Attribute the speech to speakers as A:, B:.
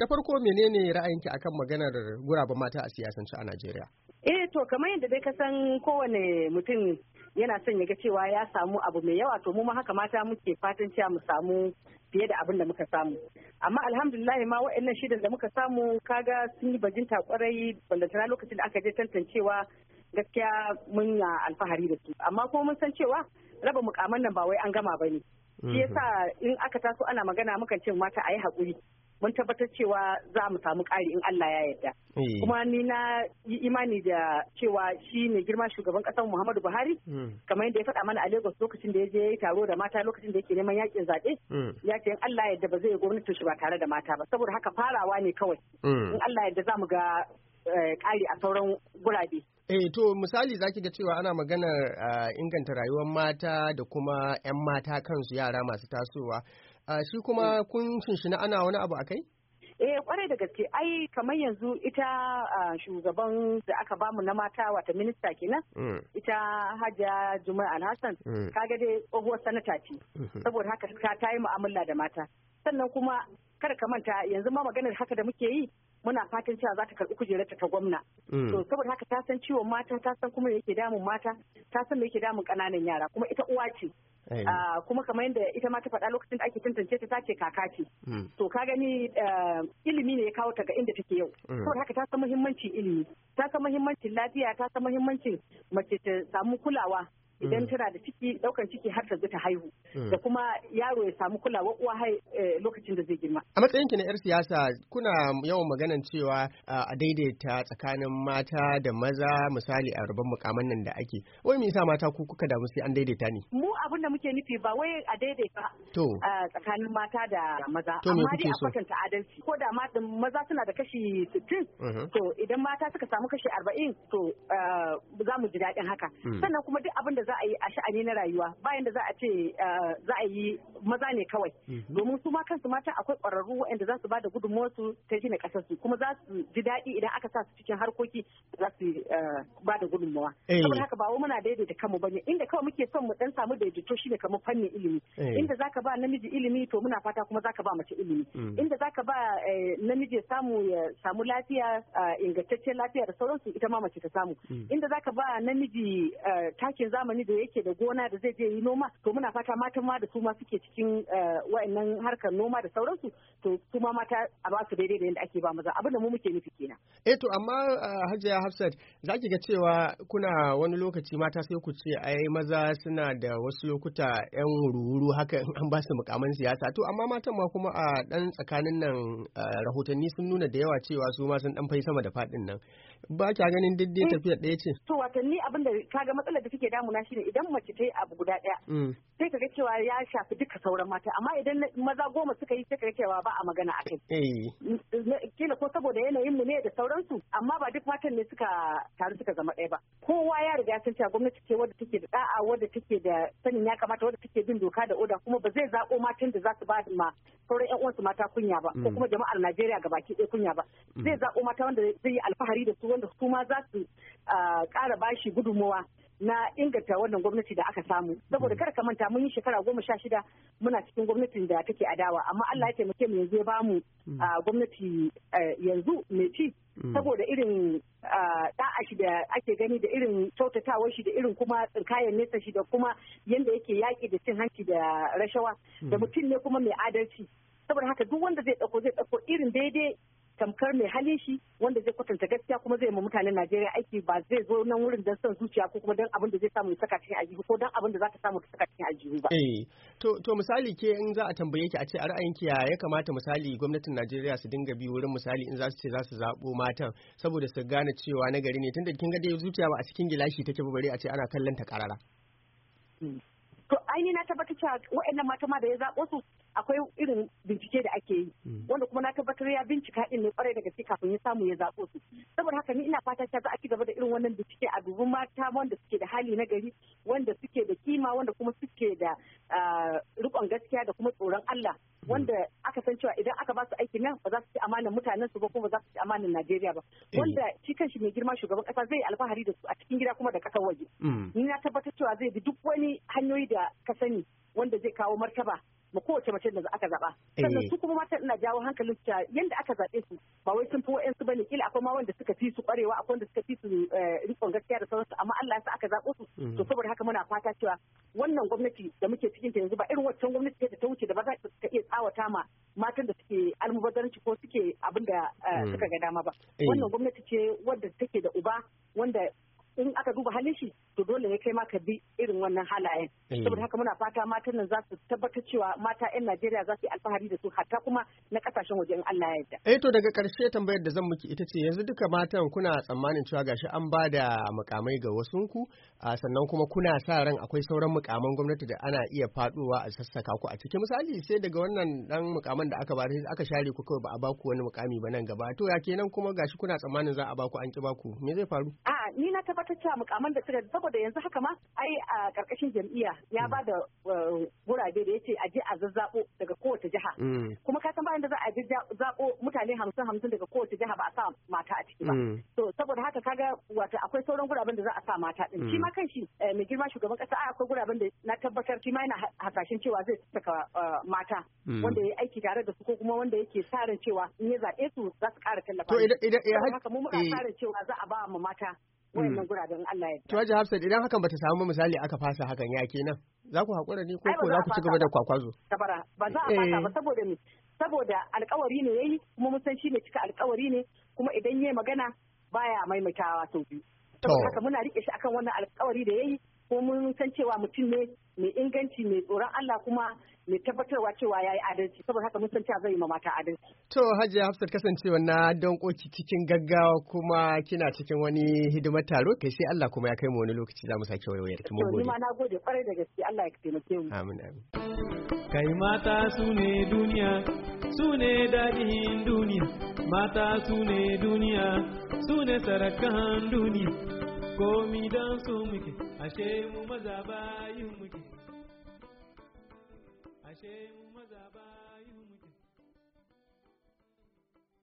A: da farko menene ki akan maganar guraben mata a siyasance a Najeriya?
B: Eh to kamar yadda dai ka san kowane mutum yana son ya ga cewa ya samu abu mai yawa to mu ma haka mata muke fatan cewa mu samu fiye da abin da muka samu. Amma alhamdulillah ma wa'annan shidan da muka samu kaga sun yi bajinta kwarai ballantana lokacin da aka je tantancewa gaskiya mun alfahari da su amma kuma mun san cewa raba mukaman nan ba wai an gama bane. ne. Mm-hmm. Shi yasa in aka taso ana magana mukan ce mata a yi haƙuri. mun tabbatar cewa za mu samu ƙari in Allah ya yarda. Eh. Kuma ni na yi imani da cewa shi ne girma shugaban ƙasar Muhammadu Buhari hmm. kamar yadda ya faɗa mana a Lagos lokacin da ya je taro da mata lokacin da yake neman yakin zaɓe hmm. ya ce in Allah ya yarda ba zai gwamnatin shi ba tare da mata ba saboda haka farawa ne kawai hmm. in Allah ya yarda za mu ga eh, ƙari a sauran gurabe.
A: Eh to misali zaki ga cewa ana maganar uh, inganta rayuwar mata da kuma 'yan mata kansu yara masu tasowa. Uh, shi kuma eh. kun shinshina ana wani abu akai.
B: eh kwarai da gaske ai kamar yanzu ita shugaban da aka bamu na mata wata minista kenan mm. ita hajiya juma'a hassan mm. kaga dai tsohuwar sanata ce mm-hmm. saboda haka ta yi mu'amala da mata sannan kuma kar ka manta yanzu ma maganar haka da muke yi muna fatan cewa za ta karbi kujerarta ta gwamna mm. to saboda haka ta san ciwon mata ta san kuma yake damun mata ta san me yake damun kananan yara kuma ita uwa ce ah, kuma kamar yadda ita ma ta faɗa lokacin da ake tantance ta ta ce kaka ce mm. to ka gani eh, ilimi ne ya kawo ta ga inda take yau mm. saboda haka ta san muhimmancin ilimi ta san muhimmancin lafiya ta san muhimmancin mace ta samu kulawa idan mm. tana da ciki daukan ciki har ta zo ta haihu mm. da kuma yaro ya samu kulawa uwa hai eh, lokacin da zai girma
A: a matsayinki na yar siyasa kuna yawan maganan cewa a daidaita tsakanin mata da maza misali a rabon mukaman nan da ake wai me yasa mata ku kuka damu sai an daidaita ne
B: mu abin da muke nufi ba wai a daidaita tsakanin mata da maza amma dai a kwatanta adalci ko da maza suna da kashi 60 mm-hmm. to idan mata suka samu kashi 40 to eh, za mu ji daɗin haka mm. sannan kuma duk abin da za a yi a sha'ani na rayuwa bayan da za a ce eh, za a yi maza ne kawai mm-hmm. domin su ma kansu mata akwai ƙwararru waɗanda za su ba da gudunmuwar su ta gina ƙasar su kuma za su ji daɗi idan aka sa su cikin harkoki za su eh, ba da gudunmuwa eh. saboda haka ba wa muna daidaita kanmu bane inda kawai muke son mu dan samu daidaito shine kamar fannin ilimi inda zaka ba namiji ilimi to muna fata kuma zaka ba mace ilimi mm. inda zaka ba namiji samu ya samu lafiya ingantaccen lafiya da sauransu ita ma mace ta samu mm. inda zaka ba namiji takin zamani wani da yake da gona da zai je yi noma to muna fata matan ma da su ma suke cikin eh, wa'annan harkar noma da sauransu to su ma mata a ba su daidai da yadda ake ba maza abin da mu muke nufi kenan
A: eh to amma eh, Hajiya Hafsat za ki ga cewa kuna wani lokaci mata sai ku ce ai maza suna da wasu lokuta yan hururu haka an ba su mukaman siyasa to amma matan ma kuma a dan tsakanin nan eh, rahotanni sun nuna da yawa cewa su ma sun dan fai sama da fadin nan ba kya ganin duk dai tafiya ɗaya ce
B: to watanni abin da kaga matsalar da take damuna shine idan mace ta yi abu guda ɗaya mm. sai ka ga cewa ya shafi duka sauran mata amma idan maza goma suka yi sai ka ga cewa ba a magana a kai eh. kila ko saboda yanayin mu ne da sauransu amma ba duk matan ne suka taru suka zama ɗaya ba kowa ya riga ya san cewa gwamnati ce wadda take da da'a wadda take da sanin ya kamata wadda take bin doka da oda kuma ba zai zaɓo matan da za su ba ma sauran yan uwansu mata kunya ba ko mm. kuma jama'ar Najeriya ga baki ɗaya kunya ba mm. zai zaɓo mata wanda zai yi alfahari da su wanda su ma za su ƙara bashi gudunmawa na inganta wannan gwamnati da aka samu saboda mm. kada ka manta mun yi shekara goma sha shida muna cikin gwamnatin da take adawa amma Allah ya taimake mu yanzu ya bamu gwamnati eh, yanzu mai ci Mm. saboda irin da'a shi da ake gani da irin kyautatawar shi da irin kuma tsinkayen nesa shi da kuma yadda yake yaƙi da cin hanci da rashawa da mm. mutum ne kuma mai adalci saboda haka duk wanda zai ɗauko zai ɗauko irin daidai tamkar mai hali shi wanda zai kwatanta gaskiya kuma zai ma mutanen Najeriya aiki ba zai zo nan wurin don son zuciya ko kuma don abin da zai samu ya saka cikin aljihu ko don abin da za samu ka saka cikin aljihu ba.
A: Eh to to misali ke in za a tambaye ki a ce a ra'ayinki ya ya kamata misali gwamnatin Najeriya su dinga bi wurin misali in za su ce za su zabo matan saboda su gane cewa na gari ne tunda kin ga dai zuciya ba a cikin gilashi take ba bare a ce ana kallon ta karara.
B: Hmm. To ni na tabbatar cewa waɗannan mata ma da ya zaɓo su akwai irin bincike da ake yi hmm. wanda kuma na tabbatar ya bincika din ne kwarai daga gaske kafin ya samu ya zaɓo su saboda haka ni ina fata ta za a ci gaba da irin wannan bincike a dubi mata wanda suke da hali na gari wanda suke da kima wanda kuma suke da ah, rikon gaskiya da kuma tsoron Allah hmm. wanda aka san cewa idan aka ba su aikin nan ba za su ci amanar mutanen su ba kuma ba za su ci amanar Najeriya ba eh. wanda shi kanshi mai girma shugaban kasa zai alfahari da su a cikin gida kuma da kasar waje hmm. ni na tabbatar cewa zai bi duk wani hanyoyi da ka sani wanda zai kawo martaba ma kowace mace da aka zaba eh. sannan su kuma matan ina jawo hankalin su yanda aka zabe su ba wai sun fi su bane kila akwai ma wanda suka fi su kwarewa akwai wanda suka fi su eh, rikon gaskiya da sauransu amma Allah ya sa aka zabo su mm. to saboda haka muna fata cewa wannan gwamnati da muke cikin ta yanzu ba irin waccan gwamnati da ta wuce da ba za ta iya tsawata ma matan da suke almubazzaranci ko suke abin da eh, mm. suka ga dama ba wannan gwamnati ce wadda take da uba wanda in aka duba halin shi to dole ne kai ma ka bi irin wannan halayen mm. saboda haka muna fata matan nan za su tabbatar cewa mata 'yan Najeriya za su yi alfahari da su hatta kuma na kasashen waje in Allah ya yarda eh
A: to daga karshe tambayar da zan miki ita ce yanzu duka matan kuna tsammanin cewa gashi an ba da mukamai ga wasunku sannan kuma kuna sa ran akwai sauran mukaman gwamnati da ana iya faduwa a sassaka ku a cikin misali sai daga wannan dan mukaman da aka bari aka share ku kawai ba a baku wani mukami ba nan gaba to ya kenan kuma gashi kuna tsammanin za a ba ku an ki ku? me zai faru a'a ni na tabbatar ta ce
B: mukaman da suka saboda yanzu haka ma ai a karkashin jam'iyya ya mm. ba da eh, gurabe da yace a je a zazzabo daga kowace jiha mm. kuma ka san bayan da za a zazzabo mutane hamsin hamsin daga kowace jiha ba a sa mata a ciki ba mm. to saboda haka kaga wato akwai sauran guraben da za a sa mata din shi ma kanshi eh, mai girma shugaban kasa akwai guraben da na tabbatar shi ma yana hasashen cewa zai saka eh, mata wanda ya aiki tare da su ko kuma wanda yake sa ran cewa in ya zaɓe su za su ƙara tallafa. To idan idan haka mu muka sa cewa za a ba mu mata wannan mm. guraben Allah
A: ya to ji idan hakan bata samu misali aka fasa hakan ya kenan za ku hakura ne ko za ku ci gaba da kwakwazo
B: ba za a fasa ba eh. saboda saboda alkawari ne yayi kuma mun san shi ne cika alkawari ne kuma idan yayi magana baya maimaitawa sau biyu To. haka muna rike shi akan wannan alkawari da yayi ko mun san cewa mutum ne mai inganci mai tsoron Allah kuma mai tabbatarwa cewa ya yi adalci saboda haka mun san cewa zai yi ma mata adalci.
A: To Hajiya Hafsat kasancewa na koki cikin gaggawa kuma kina cikin wani hidimar taro kai sai Allah kuma ya kai mu wani lokaci za mu sake wayewayar ki mu gode. Ni ma
B: na gode kwarai da gaske Allah ya taimake mu.
A: Amin amin. Kai mata su ne duniya su ne dadihin duniya mata su ne duniya su ne sarakan duniya komi dan su muke ashe mu maza bayin muke. ashe mu maza ba